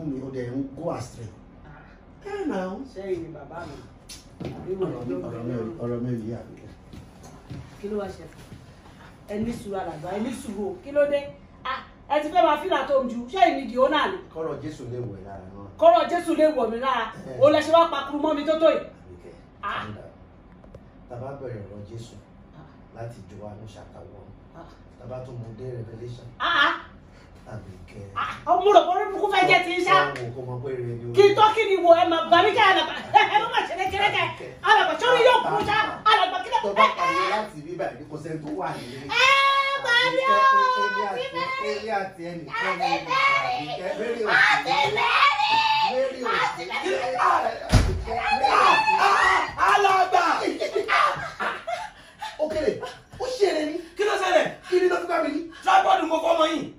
mú mi ó dẹ̀ ń é não sei nà ó. sẹ́yìn ni bàbá mi. ọ̀rọ̀ mi yìí àbí. kí ló wá ṣe ẹ de ah alàgbà ẹ ní sùúrù o kí ló dé ah, ẹ ti fẹ́ máa fìlà tó ń ju sẹ́yìn ni dìó náà ni. kọ́rọ̀ jésù lè wọ̀ ẹ́ lára náà. o lẹ eh. ṣe wá pakuru mọ́ mi tó tó yìí. bàbá ah. bẹ̀rẹ̀ ọ̀rọ̀ jésù ah. láti jọ wa ọmọ rẹ̀ bọ́rẹ́ mi kú fẹ́ jẹ́ ti ń ṣá kí tọ́ ni wo ẹ máa bá mi kẹ́ alàgbà ẹ má má ṣe lé kẹ́ alàgbà sọ́ni yóò kú ṣá alàgbà kí ló ẹ ẹ ẹ máa ní ọ̀rọ̀ mi bẹ́ẹ̀ àtìlẹ́rì àtìlẹ́rì àtìlẹ́rì alàgbà ó kéré ó ṣeré ní kí ló ṣẹlẹ̀ kí ni ló fi ká mi ní. mo fọ́ ọmọ yìí.